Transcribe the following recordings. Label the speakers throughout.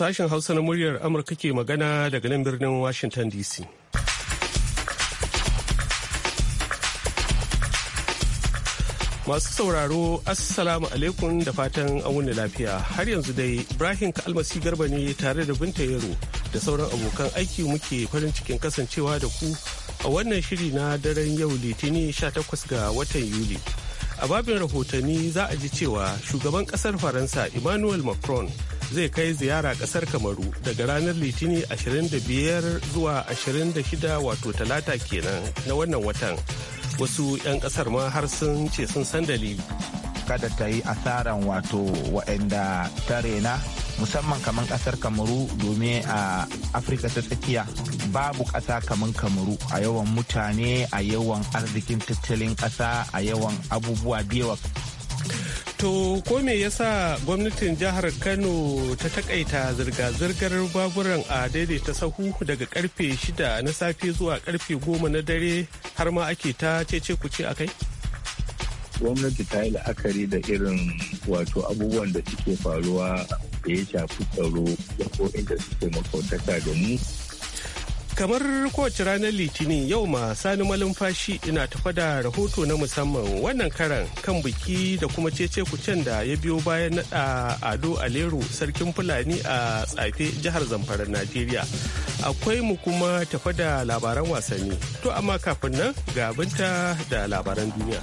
Speaker 1: Sashen Hausa na muryar Amurka ke magana daga nan birnin Washington DC. Masu sauraro, Assalamu alaikum da fatan an wuni lafiya. Har yanzu dai Ibrahim Kalmasi Garba ne tare da Binta Yaro da sauran abokan aiki muke farin cikin kasancewa da ku a wannan shiri na daren yau Litinin 18 ga watan Yuli. a babin rahotanni za a ji cewa shugaban kasar faransa emmanuel macron zai kai ziyara kasar kamaru daga ranar litini 25 zuwa 26 wato talata kenan na wannan watan wasu 'yan kasar ma har sun ce sun san dalili kada ta yi asaran wato waɗanda
Speaker 2: ta rena musamman kamar kasar kamaru domin a afirka ta tsakiya babu ƙasa kamar kamaru a yawan mutane a yawan arzikin tattalin ƙasa
Speaker 1: a yawan abubuwa da To ko me yasa gwamnatin jihar Kano ta takaita zirga-zirgar baburan a daidaita sahu daga karfe shida na safe zuwa karfe goma na dare har ma ake ta cece kuce a kai?
Speaker 3: Gwamnati ta yi la'akari da irin wato abubuwan da suke faruwa da ya shafi tsaro da ko inda suke makautaka da mu
Speaker 1: kamar kowace ranar litinin yau ma sani malumfashi ina tafa da rahoto na musamman wannan karan kan biki da kuma cece kucen da ya biyo bayan naɗa ado aleru sarkin fulani a tsafe jihar zamfara najeriya akwai mu kuma tafa da labaran wasanni to amma kafin nan ga binta da labaran duniya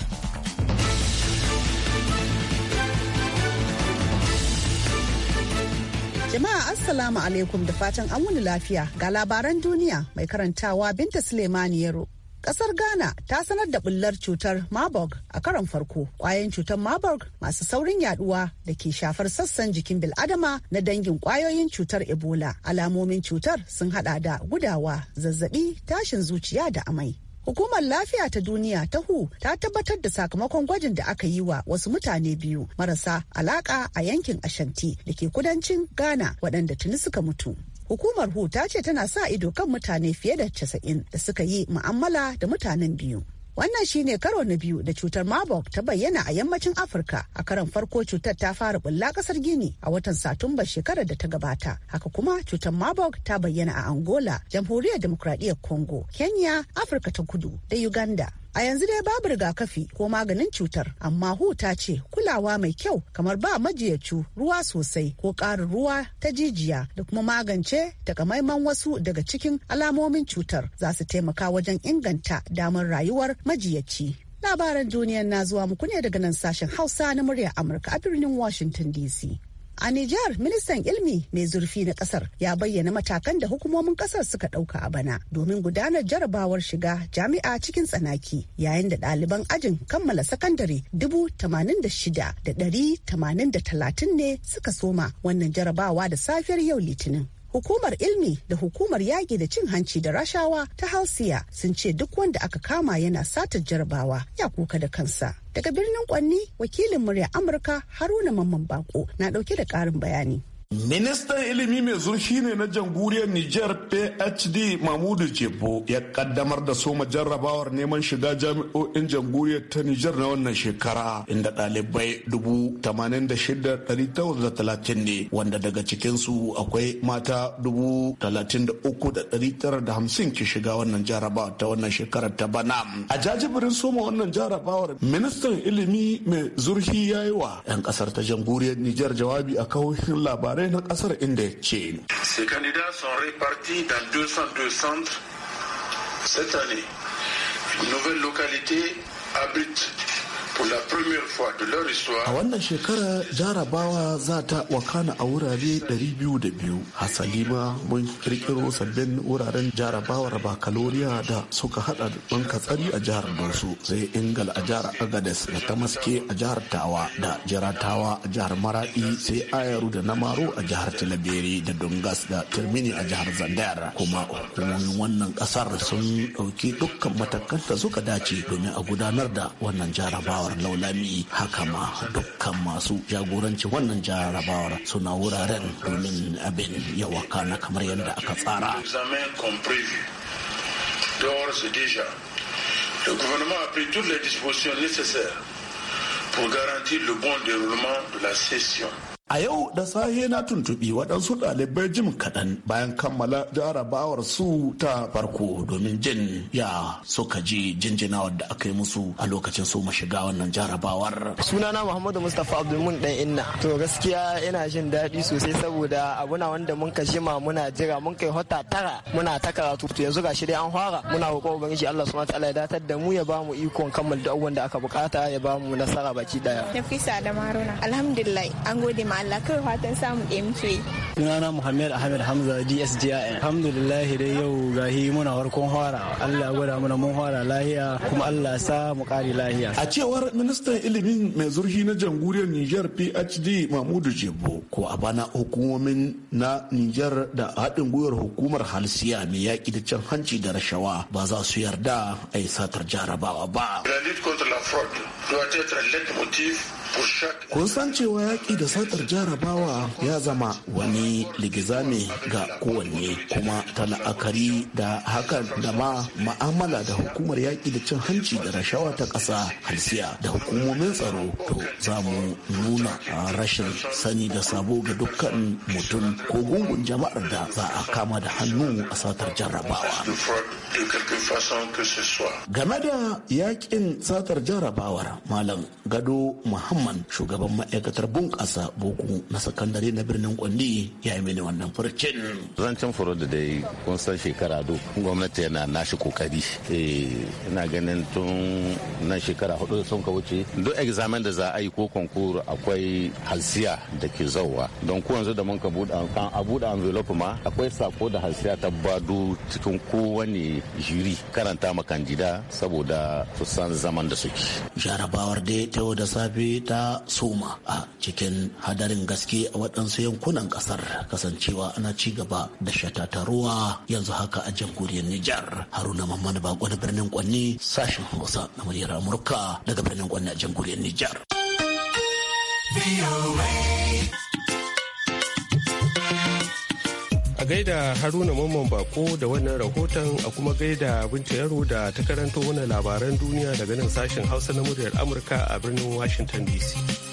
Speaker 4: Jama'a Assalamu alaikum da fatan an wuni lafiya ga labaran duniya mai karantawa Binta Suleimani Yaro. Kasar Ghana ta sanar da bullar cutar Marburg a karon farko. Kwayoyin cutar Marburg masu saurin yaduwa da ke shafar sassan jikin bil'adama na dangin kwayoyin cutar Ebola. Alamomin cutar sun hada da gudawa, zazzabi, tashin zuciya da amai. Hukumar lafiya ta duniya ta Hu ta tabbatar da sakamakon gwajin da aka yi wa wasu mutane biyu marasa alaka a yankin Ashanti da ke kudancin Ghana waɗanda tuni suka mutu. Hukumar Hu ta ce tana sa ido kan mutane fiye da 90 da suka yi mu'amala da mutanen biyu. Wannan shine karo na biyu da cutar Marburg ta bayyana a yammacin Afirka. A karon farko cutar ta fara bulla kasar Gini a watan Satumba shekarar da ta gabata. Haka kuma cutar Marburg ta bayyana a Angola, Jamhuriyar Demokradiyyar Congo, Kenya, Afirka ta Kudu da Uganda. A yanzu dai babu rigakafi ko maganin cutar, amma hu ta ce kulawa mai kyau kamar ba majiyacu ruwa sosai ko ƙarin ruwa ta jijiya da kuma magance takamaiman wasu daga cikin alamomin cutar za su taimaka wajen inganta damar rayuwar majiyaci. Labaran duniyar na zuwa muku ne daga nan sashen Hausa na murya Amurka a birnin Washington DC. A Nijar, ministan ilmi mai zurfi na kasar ya bayyana matakan da hukumomin kasar suka ɗauka a bana domin gudanar jarabawar shiga jami'a cikin tsanaki yayin da ɗaliban ajin kammala sakandare dubu tamanin da shida da ɗari tamanin da talatin ne suka soma wannan jarabawa da safiyar yau litinin. Hukumar ilmi da hukumar yaƙi da cin hanci da rashawa ta halsiya sun ce duk wanda aka kama yana satar jarabawa ya kuka da kansa. Daga birnin Kwanni wakilin murya Amurka Haruna Mamman Bako na ɗauke da ƙarin bayani.
Speaker 5: Ministan ilimi mai zurfi ne na jamhuriyar Nijar PhD Mahmudu Jebo ya kaddamar da soma jarrabawar neman shiga jami'o'in jamhuriyar ta Nijar na wannan shekara inda ɗalibai 86,930 ne wanda daga cikinsu akwai mata 33,950 ke shiga wannan jarrabawar ta wannan shekarar ta bana. A jajibirin soma wannan jarrabawar ministan ilimi mai zurfi ya yi wa 'yan ƙasar ta jamhuriyar Nijar jawabi a kawo labarai ces candidats sont répartis dans 202 centres cette année une nouvelle localité abrite A
Speaker 6: wannan shekarar jarabawa za ta
Speaker 5: wakana a wurare 202 hasali ma mun kirkiro sabbin wuraren jarabawar bakaloriya da suka hada bankatsari katsari a jihar Borso sai Ingal a jihar Agades da ta maske a jihar Tawa da Jiratawa a jihar Maradi sai Ayaru da Namaro a jihar tilabere da Dungas da Tirmini a jihar Zandayar kuma hukumomin wannan kasar sun dauki dukkan matakan da suka dace domin a gudanar da wannan jarabawa. jarabawar laulami haka ma dukkan masu jagoranci wannan jarabawar suna wuraren domin abin yawa kana kamar yadda aka tsara Le gouvernement a pris toutes les dispositions nécessaires pour garantir le bon déroulement de la session. A yau da sahe na tuntuɓi waɗansu ɗalibai jim kaɗan bayan kammala jarabawar su ta farko domin jin ya suka ji jinjinawar da aka yi musu a lokacin su shiga wannan jarabawar. Sunana
Speaker 7: Muhammadu Mustapha Abdulmun ɗan inna. To gaskiya ina jin daɗi sosai saboda abuna wanda mun ka jima muna jira mun kai hota tara muna ta karatu to yanzu gashi dai an fara muna roƙon ubangiji Allah subhanahu wataala ya datar da mu ya bamu ikon kammal duk wanda aka
Speaker 8: bukata ya bamu nasara baki daya.
Speaker 4: Nafisa da Maruna alhamdulillah an gode ma ma Allah fatan samu ɗaya muke yi.
Speaker 8: Sunana Muhammad Ahmed Hamza DSGIN. Alhamdulillah dai yau gahi muna warkon fara. Allah gwada mana mun fara lahiya kuma Allah sa mu kare lahiya.
Speaker 5: A cewar ministan ilimin mai zurfi na jamhuriyar Nijar PhD Mahmudu Jebo ko a bana hukumomin na Nijar da haɗin gwiwar hukumar halsiya mai yaƙi da can hanci da rashawa ba za su yarda a yi satar jarabawa ba. Kun san cewa yaƙi da satar jarabawa ya zama wani ligizami ga kowanne kuma ta la'akari da hakan da ma ma'amala da hukumar yaƙi da cin hanci da rashawa ta ƙasa halsiya da hukumomin tsaro to za mu nuna rashin sani da sabo ga dukkan mutum ko gungun jama'ar da za a kama da hannu a satar jarabawa. Game da yakin satar jarabawar Malam Gado Muhammad shugaban ma'aikatar bunƙasa bu uku na sakandare na birnin kwandi ya yi mini wannan
Speaker 3: furcin zancen furo da dai kun san shekara do gwamnati yana nashi kokari eh, ina ganin tun nan shekara hudu sun ka wuce duk examen da za a yi ko konkur akwai halsiya da ke zauwa don ko yanzu da mun ka buɗe a buɗe envelope ma akwai sako da halsiya ta bado cikin kowane jiri karanta ma kandida saboda su san zaman da suke
Speaker 5: jarabawar dai ta da safe ta soma a cikin hada haɗarin gaske a waɗansu yankunan ƙasar kasancewa ana ci gaba da shatata ruwa yanzu haka a jamhuriyar Nijar. Haruna Mamman Bako na birnin Kwanni sashen Hausa na muryar Amurka daga birnin Kwanni a jamhuriyar Nijar.
Speaker 1: A gaida Haruna Mamman Bako da wannan rahoton a kuma gaida Binta Yaro da ta karanto wani labaran duniya daga nan sashen Hausa na muryar Amurka a birnin Washington DC.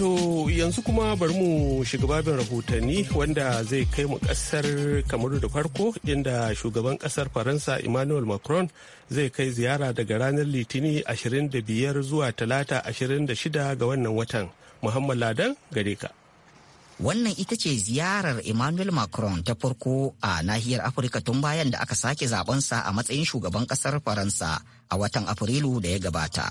Speaker 1: To yanzu kuma bari mu shiga babin rahotanni wanda zai kai mu kasar kamaru da farko inda shugaban kasar Faransa Emmanuel Macron zai kai ziyara daga ranar Litini 25 zuwa Talata 26 ga wannan watan. Muhammad Ladan gare ka.
Speaker 9: Wannan ita ce ziyarar Emmanuel Macron ta farko a nahiyar Afirka tun bayan da aka sake zabensa a matsayin shugaban kasar Faransa a watan Afrilu da ya gabata.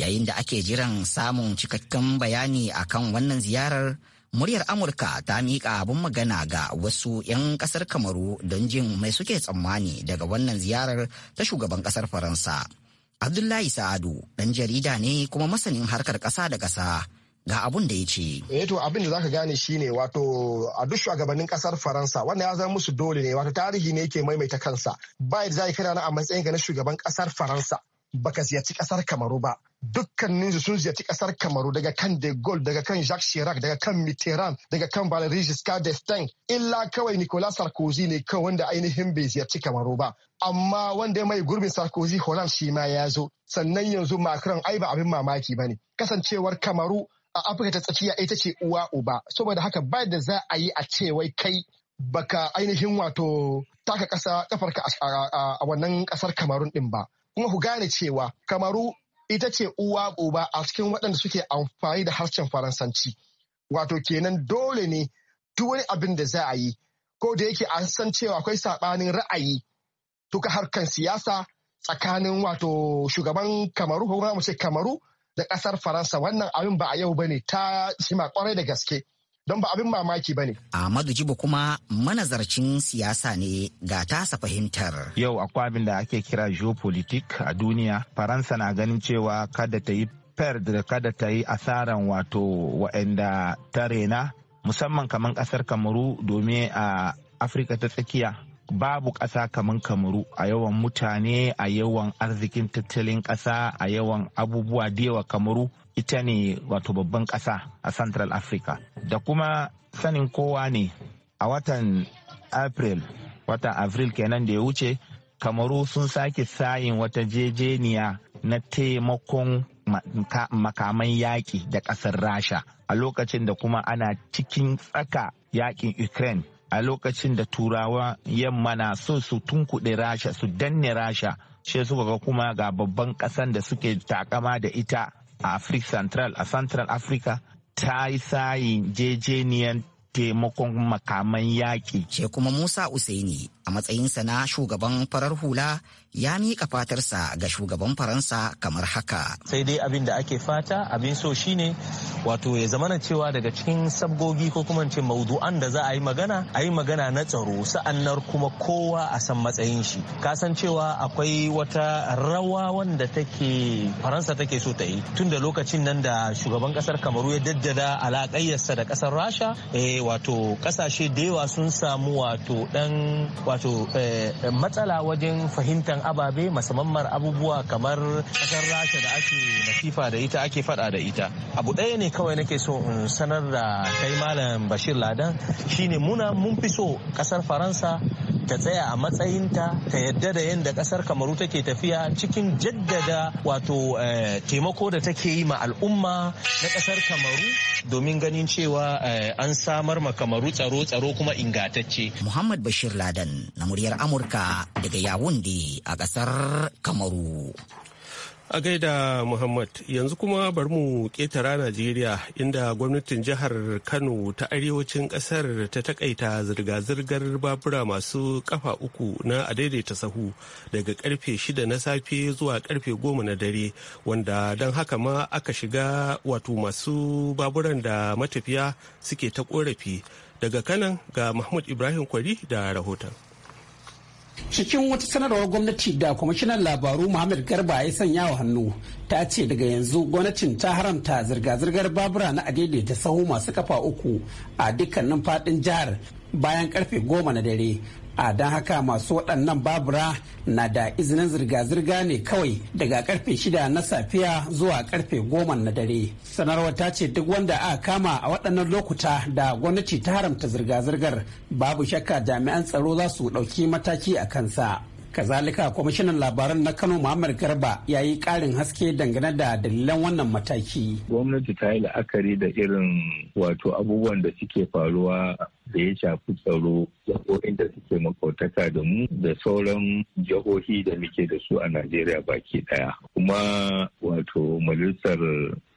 Speaker 9: yayin da ake jiran samun cikakken bayani akan wannan ziyarar muryar amurka ta miƙa abin magana ga wasu 'yan ƙasar kamaru don jin mai suke tsammani daga wannan ziyarar ta shugaban ƙasar faransa abdullahi sa'adu ɗan jarida ne kuma masanin harkar ƙasa da ƙasa ga abun da ya ce.
Speaker 7: Eh to abin da zaka gane shine wato a duk shugabannin kasar Faransa wannan ya zama musu dole ne wato tarihi ne yake maimaita kansa. Ba za zai kana na a matsayin ga na shugaban kasar Faransa baka ziyarci kasar kamaru ba dukkaninsu sun ziyarci kasar kamaru daga kan de gaulle daga kan jacques chirac daga kan mitterrand daga kan valéry giscard d'estaing illa kawai nicolas sarkozy ne kawai wanda ainihin bai ziyarci kamaru ba amma wanda mai gurbin sarkozy Holland shi ma ya zo sannan yanzu macron ai ba abin mamaki ba ne kasancewar kamaru a afirka ta tsakiya ita ce uwa uba saboda haka ba da za a yi a ce wai kai baka ainihin wato taka kasa kafarka a wannan kasar kamarun din ba kuma ku gane cewa kamaru ita ce uwa goba a cikin waɗanda suke amfani da harshen faransanci wato kenan dole ne duk wani abin da za a yi ko da yake an san cewa akwai saɓanin ra'ayi tuka harkan siyasa tsakanin wato shugaban kamaru ko kuma mu ce kamaru da ƙasar faransa wannan abin ba a yau bane
Speaker 9: ta shima kwarai da gaske don ba abin mamaki ba ne. Ahmadu Jibo kuma manazarcin siyasa ne ga tasa fahimtar. Yau akwai abin da ake
Speaker 2: kira geopolitik a duniya. Faransa na ganin cewa kada ta yi da kada ta yi asaran wato wa'anda ta rena musamman kamar kasar kamaru domin a afirka ta tsakiya babu ƙasa kamar kamaru a yawan mutane a yawan arzikin tattalin ƙasa a yawan abubuwa da yawa kamaru ita ne wato babban ƙasa a Central Africa. Da kuma sanin kowa ne a watan April, watan April kenan da ya wuce, Kamaru sun sake sayin wata jejeniya na taimakon makaman yaƙi da ƙasar Rasha a lokacin da kuma ana cikin tsaka yaƙin Ukraine. a lokacin da turawa yamma na so su tunkuɗe rasha su danne rasha shi suka ga kuma ga babban ƙasan da suke takama da ita a Africa Central a Central Africa
Speaker 9: ta yi sayin jejeniyar taimakon makaman yaƙi. Ke kuma Musa Usaini a matsayinsa na shugaban farar hula ya miƙa fatarsa ga shugaban Faransa kamar haka.
Speaker 10: Sai dai abin da ake fata abin so shine wato ya zamana cewa daga cikin sabgogi ko kuma ce maudu'an da za a yi magana a yi magana na tsaro sa'annar kuma kowa a san matsayin shi. Ka san cewa akwai wata rawa wanda take Faransa take so ta yi tun da lokacin nan da shugaban kasar Kamaru ya daddada alaƙayyarsa da kasar Rasha. Eh, Eh, wato kasashe da yawa sun samu wato dan wato eh, matsala wajen fahimtar ababe musamman abubuwa kamar kasar rasha da ake masifa da ita ake fada da ita abu ɗaya ne kawai nake so in sanar da kai malam bashir ladan shine muna mun fi so kasar faransa ta tsaya a matsayinta ta yadda da yadda kasar kamaru take tafiya cikin jaddada wato eh, taimako da take yi ma al'umma na kasar kamaru domin ganin cewa eh, an samar ma kamaru tsaro tsaro kuma ingatacce
Speaker 9: muhammad bashir ladan na muryar amurka daga yawundi a kasar kamaru
Speaker 1: A gaida Muhammad yanzu kuma bari mu ƙetara Najeriya inda gwamnatin jihar Kano ta arewacin ƙasar ta takaita zirga-zirgar babura masu kafa uku na a daidaita sahu daga karfe shida na safe zuwa karfe goma na dare wanda don haka ma aka shiga wato masu baburan da matafiya suke ta korafi daga kanan ga Mahmud Ibrahim Kwari da rahoton.
Speaker 11: cikin wata sanarwar gwamnati da kwamishinan labaru muhammad garba ya sanya wa hannu ta ce daga yanzu gwamnatin ta haramta zirga-zirgar babura na adaidaita sahu masu kafa uku a dukkanin fadin jihar bayan karfe goma na dare a don haka masu waɗannan babura na da izinin zirga-zirga ne kawai daga karfe shida na safiya zuwa karfe goma na dare sanarwar ta ce duk wanda aka kama a waɗannan lokuta da gwamnati ta haramta zirga-zirgar babu shakka jami'an tsaro za su ɗauki mataki a kansa kazalika kwamishinan labaran na kano muhammad garba ya yi karin haske dangane da dalilan wannan mataki
Speaker 3: gwamnati ta yi la'akari da irin wato abubuwan da suke faruwa da ya shafi tsaro jihohin da suke makautaka da mu da sauran jihohi da muke da su a Najeriya baki ɗaya, Kuma wato majalisar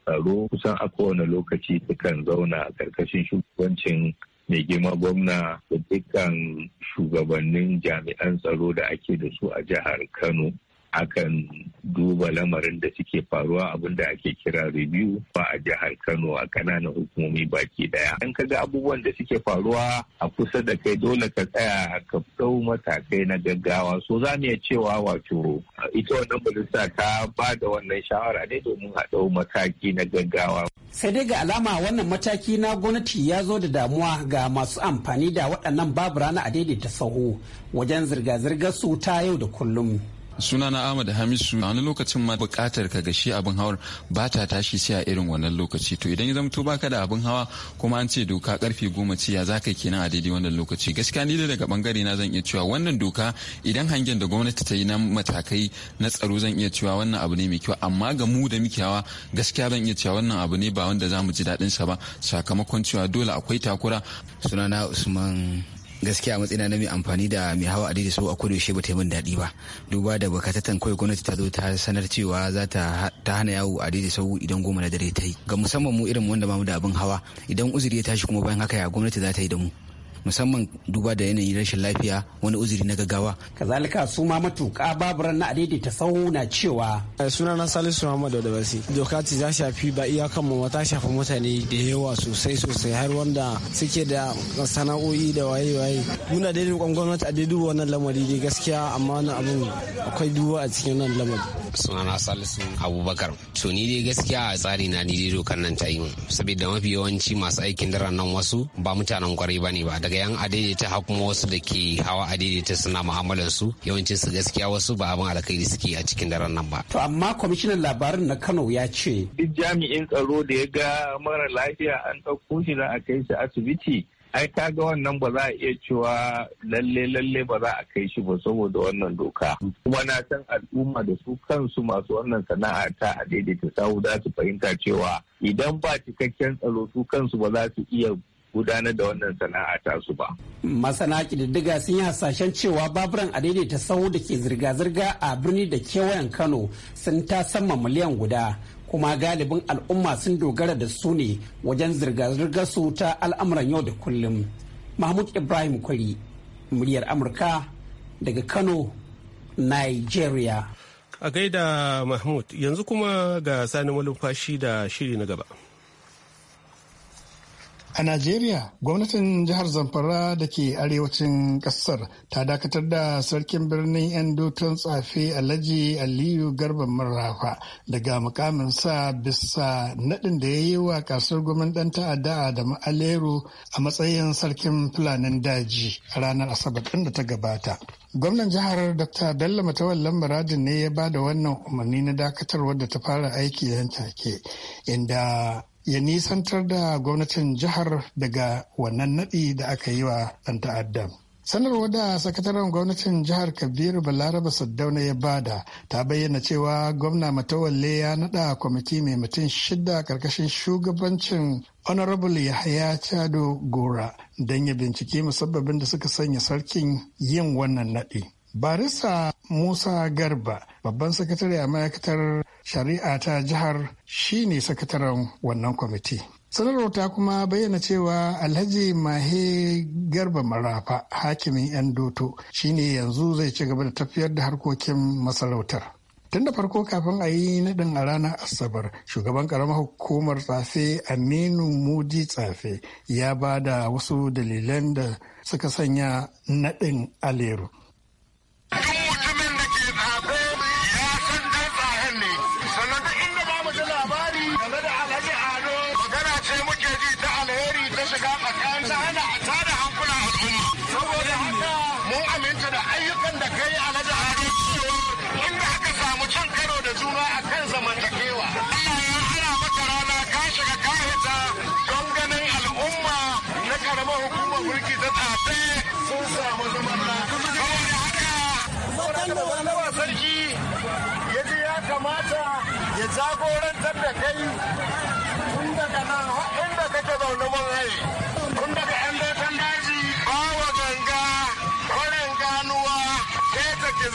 Speaker 3: tsaro kusan a kowane lokaci sukan zauna a ƙarƙashin shugabancin mai girma gwamna da dukkan shugabannin jami'an tsaro da ake da su a jihar Kano akan duba lamarin da suke faruwa abin ake kira review ba a jihar Kano a kananan hukumomi baki daya. Idan kaga abubuwan da suke faruwa a kusa da kai dole ka tsaya ka ɗau matakai na gaggawa. So za mu iya cewa wato ita wannan majalisa ta ba da wannan shawara ne domin a dau mataki na gaggawa.
Speaker 11: Sai dai ga alama wannan mataki na gwamnati ya zo da damuwa ga masu amfani da waɗannan babu rana a daidaita sahu wajen zirga-zirgar su ta yau da kullum.
Speaker 12: suna na ahmad hamisu a wani lokacin ma bukatar ka gashi abin hawar ba ta tashi sai a irin wannan lokaci to idan ya zamto baka da abin hawa kuma an ce doka karfe goma ce ya za ka kenan a daidai wannan lokaci gaskiya ni da daga bangare na zan iya cewa wannan doka idan hangen da gwamnati ta yi na matakai na tsaro zan iya cewa wannan abu ne mai kyau amma ga mu da muke hawa gaskiya zan iya cewa wannan abu ne ba wanda za mu ji daɗin sa ba sakamakon cewa dole akwai takura sunana usman gaskiya matsayina na mai
Speaker 11: amfani da mai hawa adadi so a kodayaushe ba ta yi min daɗi ba duba da bukatattan kawai gwamnati ta zo ta sanar cewa za ta hana yawo a daidai sau idan goma na dare ta yi ga musamman mu irin wanda ba mu da abin hawa idan uzuri ya tashi kuma bayan haka ya gwamnati za ta yi da mu musamman duba da yanayin rashin lafiya wani uzuri na gaggawa kazalika su ma matuƙa baburan na adaidaita sahu na cewa eh, sunana salisu muhammad da basi doka ta za shafi ba iya kan mu ta shafi mutane da
Speaker 12: yawa sosai sosai har wanda suke da sana'o'i da waye waye muna da yin gwamnati a daidu wannan lamari ne gaskiya amma wani abun akwai duba a cikin wannan lamari
Speaker 11: sunana salisu abubakar to ni dai gaskiya a tsari na ni dai dokar nan ta yi saboda mafi yawanci masu aikin daren nan wasu ba mutanen kwarai ne ba ga yan adaidaita ha kuma wasu da ke hawa ta suna mu'amalar su yawancin su gaskiya wasu ba abin alkhairi suke a cikin daren nan ba. To amma kwamishinan labarin na Kano ya ce.
Speaker 3: Duk jami'in tsaro da ya ga mara lafiya an ɗauko shi za a kai shi asibiti ai ka ga wannan ba za a iya cewa lalle lalle ba za a kai shi ba saboda wannan doka kuma na san al'umma da su kansu masu wannan sana'a ta a daidaita sahu za su fahimta cewa idan ba cikakken tsaro su kansu ba za su iya gudanar da wannan sana'a ta su ba.
Speaker 11: Masana ƙididdiga sun yi hasashen cewa baburan a ta sahu da ke zirga-zirga a birni da kewayen Kano sun ta sama miliyan guda kuma galibin al'umma sun dogara da su ne wajen zirga-zirgar su ta al'amuran yau da kullum. Mahmud Ibrahim Kwari, muryar Amurka daga Kano, Nigeria. A gaida
Speaker 1: Mahmud, yanzu kuma ga sani malumfashi da shiri na gaba.
Speaker 6: A Najeriya, gwamnatin jihar Zamfara da ke arewacin ƙasar ta dakatar da sarkin birnin 'yan doton tsafe Alhaji Aliyu Garba Marrafa daga mukaminsa bisa naɗin da ya yi wa kasar gwamnan dan ta'adda da ma'aleru a matsayin sarkin fulanin daji a ranar Asabar ɗin da ta gabata. Gwamnan jihar Dr. Bello Matawallan Muradin ne ya ba da wannan umarni na dakatarwar da ta fara aiki yan take inda ya nisantar da gwamnatin jihar daga wannan naɗi da aka yi wa ɗan ta'adda. sanarwar da sakataren gwamnatin jihar kabiru balaraba saddauna ya bada ta bayyana cewa gwamna matawalle ya naɗa kwamiti mai mutum shida karkashin shugabancin honorable yahaya chado gora don ya binciki musabbabin da suka sanya sarkin yin wannan naɗi barista musa garba babban sakatare a ma'aikatar shari'a ta jihar shine sakataren wannan kwamiti sanarwar ta kuma bayyana cewa alhaji mahe garba marafa hakimin yan doto shine yanzu zai ci gaba da tafiyar da harkokin masarautar tun da farko kafin a yi naɗin a ranar asabar shugaban ƙaramar hukumar tsafe aminu mudi tsafe ya ba da wasu dalilan da suka sanya naɗin aleru
Speaker 13: aure sun samu zaman lafiya. sarki ya ji ya kamata ya jagorantar da kai tun daga nan inda kake zaune mun rai tun daga yan dokan daji bawa ganga kwarin ganuwa ke ta ki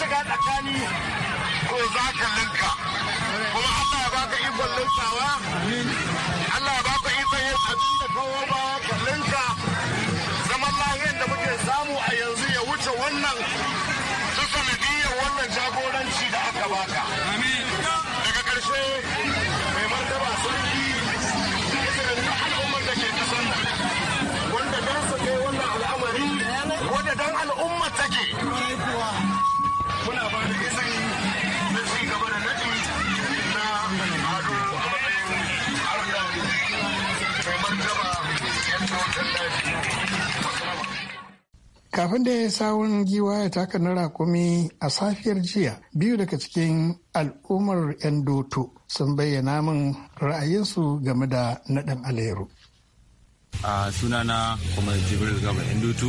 Speaker 13: shiga tsakani ko za ka linka kuma Allah ya baka ikon linkawa Allah ya baka ikon yin abin da kowa ba ka linka zaman lahiyar da muke samu a yanzu ya wuce wannan su sanadiyar wannan jagoranci da aka baka.
Speaker 6: kafin da ya yi sawun giwa ya taka na rakumi a safiyar jiya biyu daga cikin al'ummar 'yan doto sun bayyana min ra'ayinsu game da naɗin alheru
Speaker 12: a sunana kuma jibril gaba 'yan doto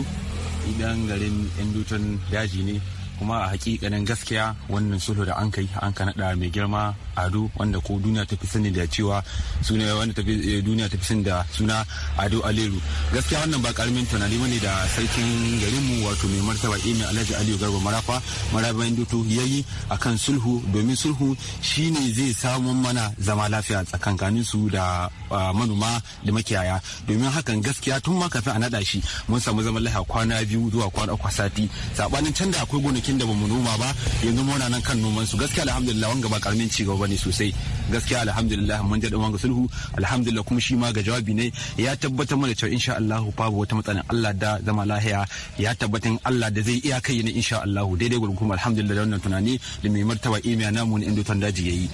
Speaker 12: idan garin 'yan doton daji ne kuma a hakikanin gaskiya wannan sulhu da an kai an ka nada mai girma ado wanda ko duniya ta fi sani da cewa suna wanda ta eh, duniya ta fi sani da suna ado aleru gaskiya wannan ba karamin tunani bane da sarkin garinmu wato mai martaba imi alhaji aliyu garba marafa marabayin dutu yayi akan sulhu domin sulhu shine zai samun mana zama lafiya tsakankanin su da manoma da makiyaya domin hakan gaskiya tun ma kafin a nada shi mun samu zaman lafiya kwana biyu zuwa kwana uku sati sabanin can da akwai gonaki gonakin da bamu noma ba yanzu muna nan kan noman su gaskiya alhamdulillah wanga ba karamin ci gaba bane sosai gaskiya alhamdulillah mun jadin wanga sulhu alhamdulillah kuma shi ma ga jawabi ne ya tabbatar mana cewa insha Allah babu wata matsalar Allah da zama lahiya ya tabbatar Allah da zai iya kai ne insha Allah daidai gurgum alhamdulillah da wannan tunani da mai martaba imiya namu ne indotan daji yayi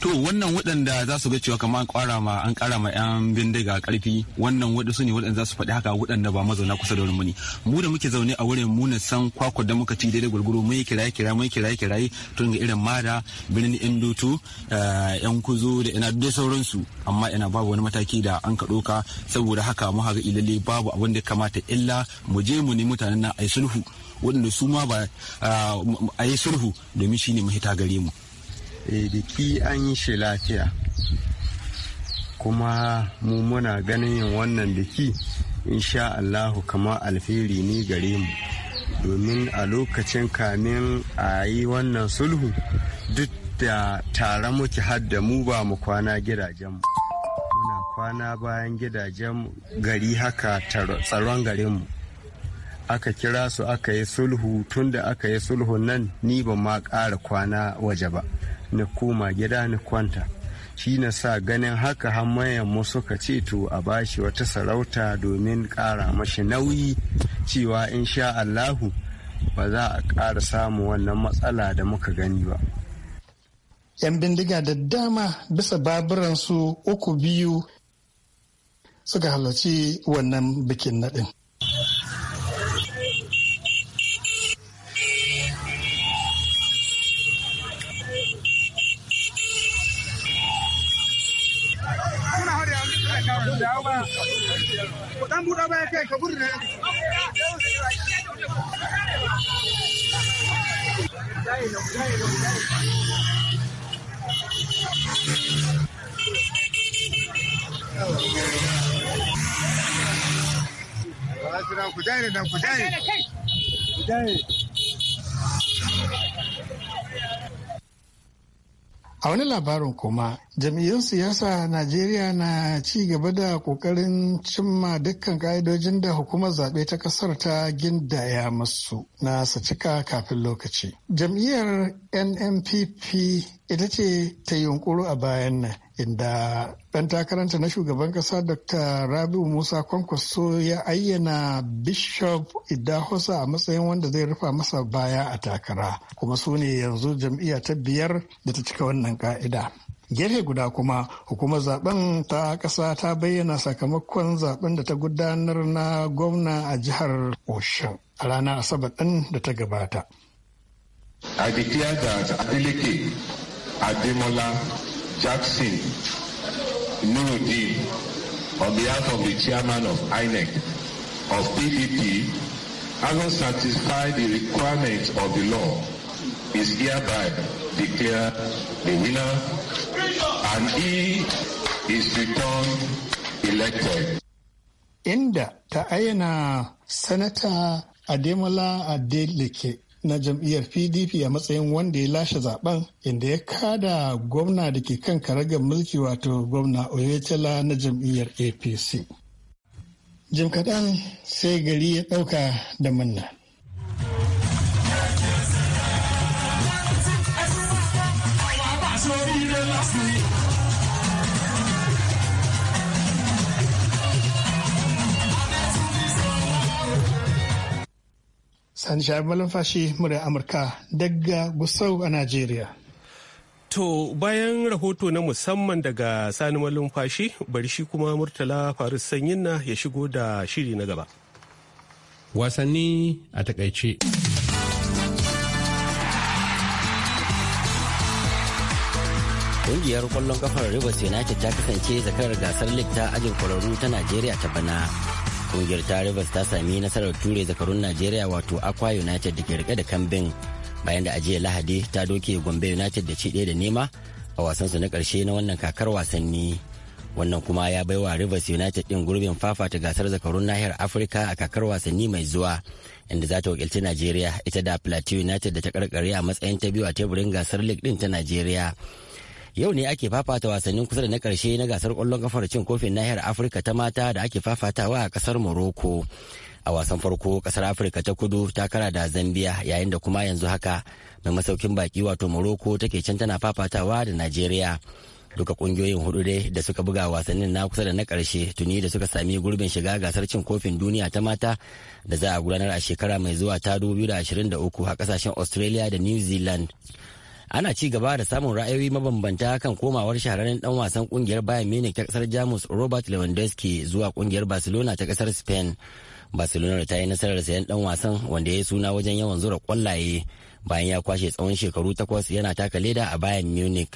Speaker 12: to wannan wadanda za su ga cewa kamar an kara ma an kara ma yan bindiga karfi wannan su ne wadanda za su faɗi haka wadanda ba mazauna kusa da wurin mu ne mu da muke zaune a wurin mu na san kwakwa da muka ci daidai gurguru mun yi kiraye mun yi tun ga irin mada birnin indutu eh, yan kuzo da ina da sauransu amma ina babu wani mataki da an ka doka saboda haka mu haga ilalle babu abin da kamata illa mu je mu ne mutanen nan ai sulhu wanda su ma ba eh, a yi sulhu domin shine mahita gare mu biki eh, an yi shi lafiya kuma mu muna ganin yin wannan biki insha Allahu kama alfiri ne gare mu domin a lokacin kamin a yi wannan sulhu duk da tare muke hadda mu ba mu kwana gidajenmu muna kwana bayan gidajen gari haka tsaron garinmu aka kira su aka yi sulhu tun da aka yi sulhu nan ni ba ma ƙara kwana waje ba ni koma gida ni kwanta shi na sa ganin haka hamayen mu suka ce to a bashi wata sarauta domin ƙara mashi nauyi cewa insha Allahu
Speaker 6: ba za a ƙara samu wannan matsala da muka gani ba. 'Yan bindiga da dama bisa baburansu uku biyu suka halarci wannan bikin naɗin.
Speaker 13: an buɗe baya kai ka gudu ne.
Speaker 7: Ku da nan ku jare. Ku jare.
Speaker 6: A wani labarin kuma, jam'iyyun siyasa Najeriya na ci gaba da ƙoƙarin cimma dukkan ƙa'idojin da hukumar zaɓe ta ƙasar ta gindaya musu na su cika kafin lokaci. Jam'iyyar NNPP ita ce ta yunƙuru a bayan nan inda ɗan takaranta na shugaban ƙasa dr rabiu musa kwankwaso ya ayyana bishop idahosa a matsayin wanda zai rufa masa baya a takara kuma su ne yanzu jam'iyya ta biyar da ta cika wannan ka'ida gefe guda kuma hukumar zaben ta ƙasa ta bayyana sakamakon zaben da ta gudanar na gwamna a jihar oshin a ranar asabar ɗin da ta gabata
Speaker 3: I declare that Adeleke Ademola Jackson Nuruddin, on behalf of the chairman of INEC of PDP, having satisfied the requirements of the law, is hereby declared the winner and he is returned elected.
Speaker 6: Inda ta ayyana Senator Ademola Adeleke na jam'iyyar pdp a matsayin wanda ya lashe zaben inda ya kada gwamna da ke kan karagar mulki wato gwamna oyetola na jam'iyyar apc jim kaɗan sai gari ya ɗauka da manna Sani Shahab Malamfashi murya Amurka daga Gusau a Najeriya.
Speaker 1: To bayan rahoto na musamman daga Sani Malamfashi bari shi kuma Murtala Faris Sanyinna ya shigo da shiri na gaba.
Speaker 12: Wasanni a takaice.
Speaker 8: Ƙungiyar ƙwallon ƙafar Rivers United ta kasance zakarar gasar lig ta ajin kwararru ta Najeriya ta bana Kungiyar ta Rivers ta sami nasarar ture zakarun Najeriya wato Akwa United da ke rike da kambin bayan da a Lahadi ta doke Gombe United da ci ɗaya da nema a wasansu na ƙarshe na wannan kakar wasanni. Wannan kuma ya baiwa Rivers United ɗin gurbin fafa ta gasar zakarun nahiyar Afirka a kakar wasanni mai zuwa inda za ta wakilci Najeriya ita da Plateau United da ta karkare a matsayin ta biyu a teburin gasar League din ta Najeriya. yau ne ake fafata wasannin kusa da na karshe na gasar kwallon kafar cin kofin nahiyar afirka ta mata da ake fafatawa a kasar morocco a wasan farko kasar afirka ta kudu ta kara da zambia yayin da kuma yanzu haka mai masaukin baki wato morocco take can tana fafatawa da nigeria duka kungiyoyin hudu dai da suka buga wasannin na kusa da na karshe tuni da suka sami gurbin shiga gasar cin kofin duniya ta mata da za a gudanar a shekara mai zuwa ta 2023 a kasashen australia da new zealand ana ci gaba da samun ra'ayoyi mabambanta kan komawar shahararren dan wasan kungiyar bayan Munich ta kasar Jamus Robert Lewandowski zuwa kungiyar Barcelona ta kasar Spain. Barcelona ta yi nasarar sayan dan wasan wanda ya suna wajen yawan zura kwallaye bayan ya kwashe tsawon shekaru takwas yana taka leda a bayan Munich.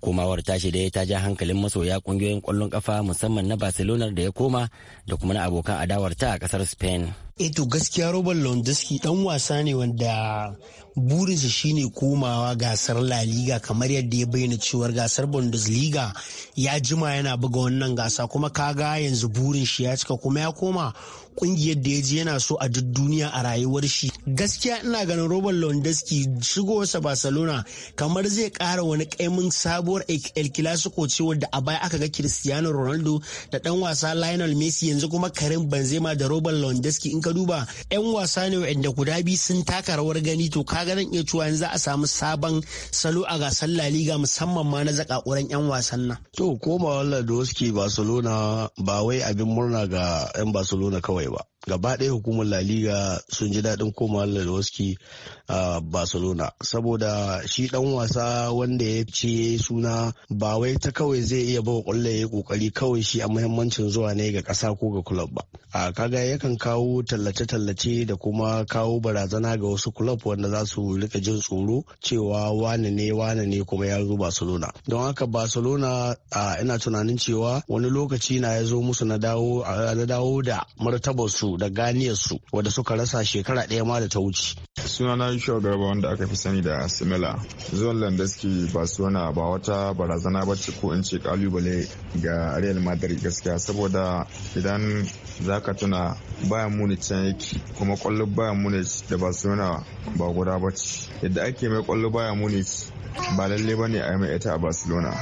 Speaker 8: komawar ta shi dai ta ja hankalin masoya kungiyoyin kwallon kafa musamman na barcelona da ya koma da kuma na abokan adawar ta a kasar spain
Speaker 5: eto eh gaskiya robert lewandowski dan wasa ne wanda burinsa shine komawa gasar la liga kamar yadda ya bayyana cewar gasar bundesliga ya jima yana buga wannan gasa kuma kaga yanzu burin shi ya cika kuma ya koma kungiyar da ya je yana so a duk duniya a rayuwar shi gaskiya ina ganin Robert Lewandowski shigowarsa Barcelona kamar zai kara wani kaimin sabuwar El Clasico ce wadda a baya aka ga Cristiano Ronaldo da dan wasa Lionel Messi yanzu kuma Karim Benzema da Robert Lewandowski in ka duba yan wasa ne wanda guda biyu sun taka rawar gani to ka ganin iya cewa yanzu a samu sabon salo a gasar La Liga musamman ma na zakakuran yan wasan nan to koma Lewandowski Barcelona ba wai abin murna ga yan Barcelona kawai 会話。gaba ɗaya hukumar La Liga sun ji daɗin koma Lewandowski a Barcelona saboda shi ɗan wasa wanda ya ce suna ba wai ta kawai zai iya bawa ƙwallo ya kokari kawai shi a muhimmancin zuwa ne ga ƙasa ko ga kulob ba a kaga yakan kawo tallace-tallace da kuma kawo barazana ga wasu kulob wanda za su rika jin tsoro cewa wane ne wane ne kuma ya zo Barcelona don haka Barcelona ina tunanin cewa wani lokaci na ya zo musu na dawo da martabar su da ganiyar su wanda suka rasa shekara ɗaya ma da ta wuce.
Speaker 2: sunana shawar garba wanda aka fi sani da simila zuwan landaski suna ba wata barazana ba ce ko in ce kalubale ga real madrid gaskiya saboda idan zaka tuna bayan munich can yake kuma kwallo bayan munich da barcelona ba guda ba ce yadda ake mai kwallo bayan munich ba lalle ba ne a yi mai ita
Speaker 1: a barcelona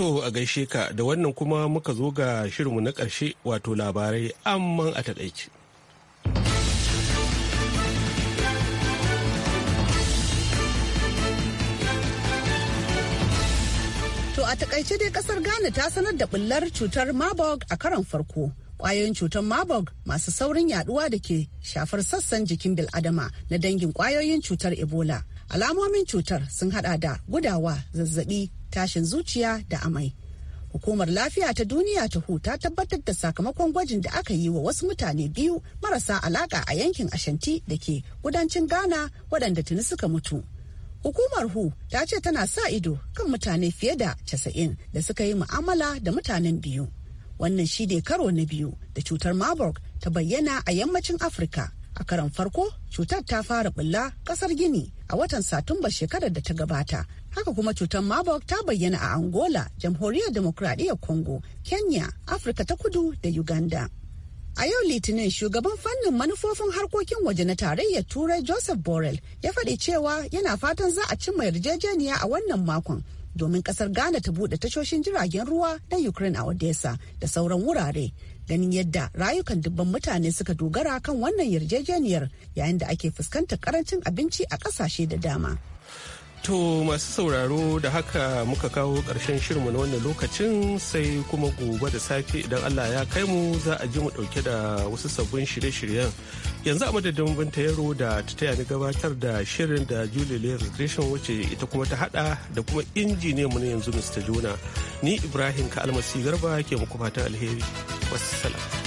Speaker 1: To a gaishe ka da wannan kuma muka zo ga shirinmu na ƙarshe wato labarai amman a taƙaice.
Speaker 4: To a taƙaice dai ƙasar Ghana ta sanar da bullar cutar Marburg a karon farko. ƙwayoyin cutar Marburg masu saurin yaduwa da ke shafar sassan jikin bil'adama na dangin kwayoyin cutar Ebola. Alamomin cutar sun hada da gudawa, zazzaɓi. tashin zuciya da amai hukumar lafiya ta duniya ta hu ta tabbatar da sakamakon gwajin da aka yi wa wasu mutane biyu marasa alaka a yankin ashanti da ke kudancin ghana waɗanda tuni suka mutu hukumar hu ta ce tana sa ido kan mutane fiye da casa'in da suka yi mu'amala da mutanen biyu wannan shi ne karo na biyu da cutar marburg ta bayyana a yammacin afirka a karan farko cutar ta fara bulla kasar gini a watan satumba shekarar da ta gabata haka kuma cutar marburg ta bayyana a angola jamhuriyar demokradiyyar congo kenya afirka ta kudu da uganda a yau litinin shugaban fannin manufofin harkokin waje na tarayyar turai joseph borrell ya faɗi cewa yana fatan za a cimma yarjejeniya a wannan makon domin kasar ghana ta buɗe tashoshin jiragen ruwa na ukraine a odessa da sauran wurare ganin yadda rayukan dubban mutane suka dogara kan wannan yarjejeniyar yayin da ake fuskantar karancin abinci a kasashe da dama.
Speaker 1: To masu sauraro da haka muka kawo ƙarshen shirinmu na wannan lokacin sai kuma gobe da safe idan Allah ya kai mu za a ji mu ɗauke da wasu sabbin shirye-shiryen. Yanzu a madadin Binta Yaro da ta taya ni gabatar da shirin da Julie Lear Regression wuce ita kuma ta hada da kuma injiniyanmu na yanzu Mr. Jona. Ni Ibrahim Ka'almasi Garba ke muku fatan alheri. wassalam